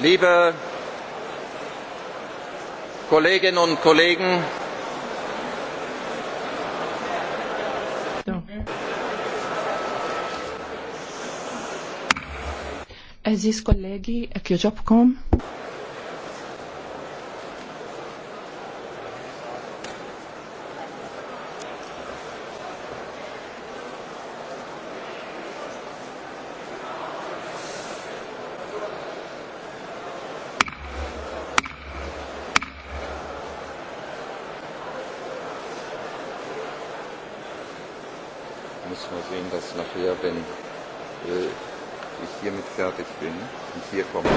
Liebe Kolleginnen und Kollegen, Aziz kollegi, ek joġobkom. muss nur sehen, dass nachher, wenn äh, ich hiermit fertig bin und hier komme.